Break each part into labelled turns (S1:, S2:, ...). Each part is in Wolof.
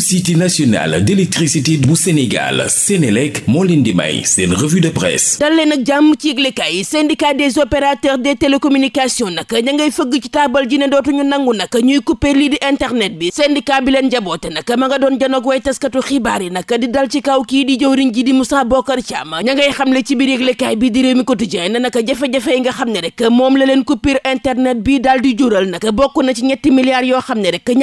S1: société nationale d'électricité bu Sénégal Sénélec moo leen di may seen revue de presse dal leen ak jàmm ci yëglekaay yi syndicat des opérateurs des télécommunications nag ña fëgg ci taabal ji ne dootuñu nangu nag ñuy couper lii di internet bi syndicat bi leen jaboote nag ma nga doon janoog way taskatu xibaar yi nag di dal ci kaw kii di jëwriñ ji di Moussa Bokar Thiam ña ngay xamle ci biir yëglekaay bi di Rewmi Quotidien na nag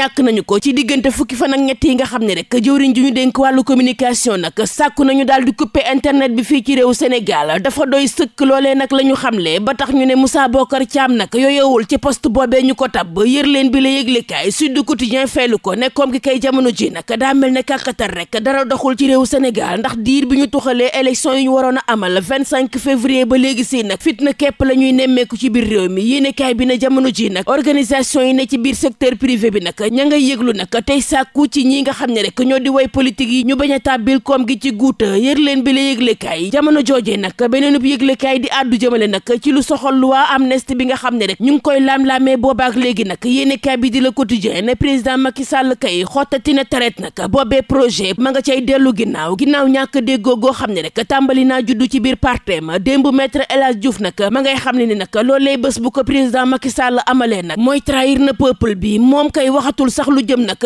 S1: na ci nga xam ne rek jëwriñ ju ñu dénk wàllu communication nag sàkku nañu daal di couper internet bi fii ci réew Sénégal dafa doy sëkk loolee nag la ñu xamle ba tax ñu ne Moussa Bokar Thiam nag yooyowul ci poste boobee ñu ko tab yër leen bi la yëglekaay Sud Quotidien feelu ko ne comme ki kay jamono ji nag daa mel ne kàkkatar rek dara doxul ci réew Sénégal ndax diir bi ñu tuxalee élection yi ñu waroon a amal 25 février ba léegi si nag fitna képp la ñuy nemmeeku ci biir réew mi yéenekaay bi na jamono ji nag organisation yi ne ci biir secteur privé bi nag ña yëglu nag tey sàkku ci ñi ñi nga xam ne rek ñoo di way politique yi ñu bañ a tàbbil koom gi ci guut yër leen bi la yëglekaay jamono joojee nag beneenub yëglekaay di àddu jëmale nag ci lu soxal loi amnistie bi nga xam ne rek ñu ngi koy laam-laamee boobaak léegi nag yéenekaay bi di la quotidien ne président Macky Sall kay xottati na taret nag boobee projet ma nga cay dellu ginnaaw ginnaaw ñàkk déggoo goo xam ne rek tàmbali naa juddu ci biir partem démb maître El Hadj Diouf nag ma ngay xam ne ni nag loolee bés bu ko président Macky Sall amalee nag mooy trahir na peuple bi moom kay waxatul sax lu jëm nag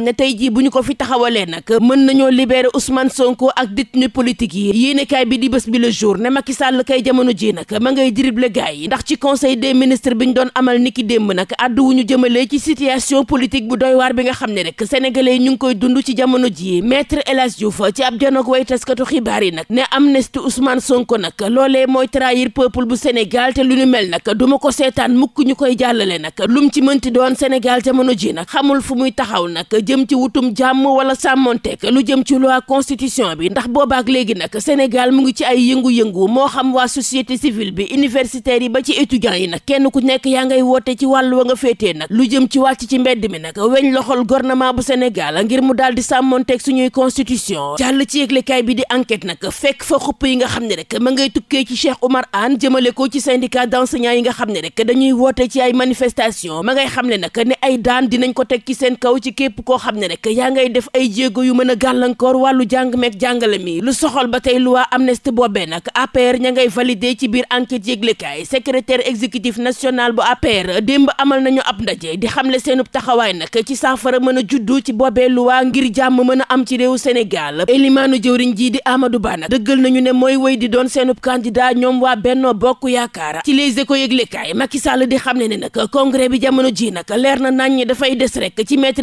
S1: xam ne tey jii bu ñu ko fi taxawalee nag mën nañoo libérer Ousmane Sonko ak détenu politique yi yéenekaay bi di bés bi le jour ne Macky Sall kay jamono ji nag ma ngay drible gaay yi ndax ci conseil des ministres bi ñu doon amal niki démb nag àddu wu ñu jëmalee ci situation politique bu doy waar bi nga xam ne rek sénégalais ñu ngi koy dund ci jamono ji maître El Hadj Diouf ci ab janook way taskatu xibaar yi nag ne amnistie Ousmane Sonko nag loolee mooy tra peuple bu Sénégal lu ñu mel nag duma ko seetaan mukk ñu koy jàllale nag lu mu ci mënti doon Sénégal jamono ji nag xamul fu muy taxaw nag jëm ci wutum jàmm wala sàmmonteek lu jëm ci loi constitution bi ndax boobaak léegi nag Sénégal mu ngi ci ay yëngu-yëngu moo xam waa société civile bi universitaire yi ba ci étudiants yi nag kenn ku nekk yaa ngay woote ci wàllu wa nga féetee nag lu jëm ci wàcc ci mbedd mi nag weñ loxol gouvernement bu Sénégal ngir mu daal di sàmmonteek suñuy constitution jàll ci yëglekaay bi di enquête nag fekk fa xupp yi nga xam ne rek ma ngay tukkee ci Cheikh Oumar Anne jëmale ko ci syndicat d'enseignants yi nga xam ne rek dañuy woote ci ay ma ngay xam ne nag ne ay daan dinañ ko teg ci seen kaw ci képp xam ne rek yaa ngay def ay jéego yu mën a gàllankoor wàllu jàng meeg jàngale mi lu soxal ba tey loi amnistie boobee nag APR ña ngay valider ci biir enquête yëglekaay secrétaire exécutif national bu APR démb amal nañu ab ndaje di xam xamle seenub taxawaay nag ci saafara mën a juddu ci boobee loi ngir jàmm mën a am ci réew Sénégal élimaanu jëwriñ jii di Amadou Ba nag dëggal nañu ne mooy wéy di doon seenub candidat ñoom waa Benno Bokk Yaakaar ci les éco yëglekaay Macky Sall di xam ne ne nag congrès bi jamono ji nag leer na nañ dafay des rek ci maître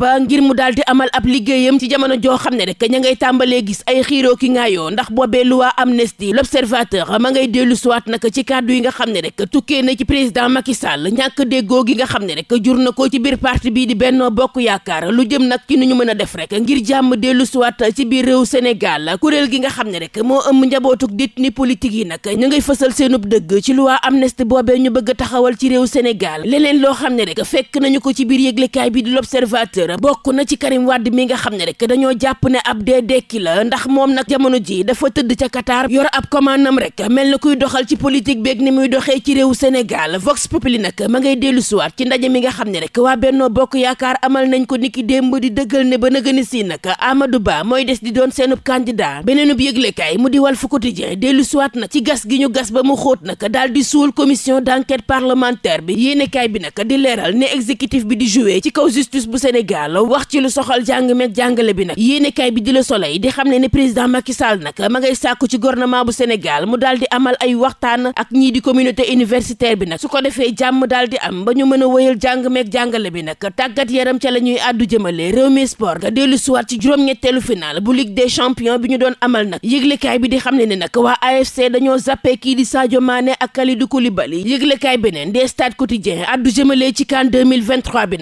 S1: ba ngir mu daal di amal ab liggéeyam ci jamono joo xam ne rek ña ngay tàmbalee gis ay xiiro ki ngaayoo ndax boobee loi amnistie l'observateur ma ngay dellu nag ci kàddu yi nga xam ne rek tukkee na ci président Macky Sall ñàkk déggoo gi nga xam ne rek jur na ko ci biir parti bii di Benno Bokk Yaakaar lu jëm nag ci nu ñu mën a def rek ngir jàmm dellu siwaat ci biir réew Sénégal kuréel gi nga xam ne rek moo ëmb njabootug ni politique yi nag ñu ngay fësal seenub dëgg ci loi amnistie boobee ñu bëgg taxawal ci réew Sénégal leneen loo xam ne rek fekk nañu ko ci biir yëglekaay bi di l'observateur cër bokk na ci Karim Wade mi nga xam ne rek dañoo jàpp ne ab dee dekki la ndax moom nag jamono ji dafa tëdd ca Qatar yor ab commandam rek mel na kuy doxal ci politique beeg ni muy doxee ci réewu Sénégal Vox Populi nag ma ngay dellu siwaat ci ndaje mi nga xam ne rek waa Benno Bokk Yaakaar amal nañ ko niki démb di dëggal ne ba nëgëni sii nag Amadou Ba mooy des di doon seenub candidat beneenub yëglekaay mu di Walf Quotidien dellu siwaat nag ci gas gi ñu gas ba mu xoot nag daal di suul commission d'enquête parlementaire bi yéenekaay bi nag di leeral ne exécutif bi di joué ci kaw bu Sénégal Sall wax ci lu soxal jàng meeg jàngale bi nag yéenekaay bi di Le Soleil di xam ne ne président Macky nag ma ngay sàkku ci gouvernement bu Sénégal mu daal amal ay waxtaan ak ñii di communauté universitaire bi nag su ko defee jàmm daal di am ba ñu mën a wëyal jàng meeg jàngale bi nag tàggat yaram ca la ñuy àddu jëmale réew mi sport ga dellu suwaat ci juróom-ñetteelu final bu Ligue des champions bi ñu doon amal nag yëglekaay bi di xam ne ne nag waa AFC dañoo zappé kii di Sadio Mané ak Kalidou Koulibaly yëglekaay beneen des stade quotidien àddu jëmale ci CAN 2023 bi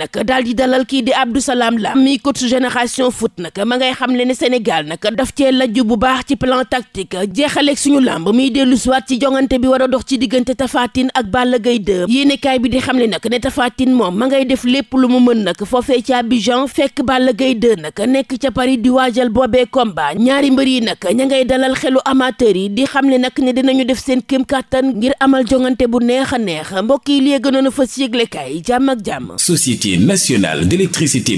S1: salaam Lam mi coach génération foot nag ma ngay xam le ne Sénégal nag daf cee lajju bu baax ci plan tactique jeexaleeg suñu làmb miy dellu siwaat ci jongante bi war a dox ci diggante tafaatin ak Balla Gaye 2 bi di xam le nag ne Tapha moom ma ngay def lépp lu mu mën nag foofee ci Abidjan fekk Balla Gaye 2 nag nekk ca Paris di waajal boobee combat ñaari mbër yi nag ña ngay dalal xelu amateur yi di xam le nag ne dinañu def seen kéem kàttan ngir amal jongante bu neex a neex mbokk yi li gënoon a fas yëglekaay jàmm ak jàmm société nationale d'électricité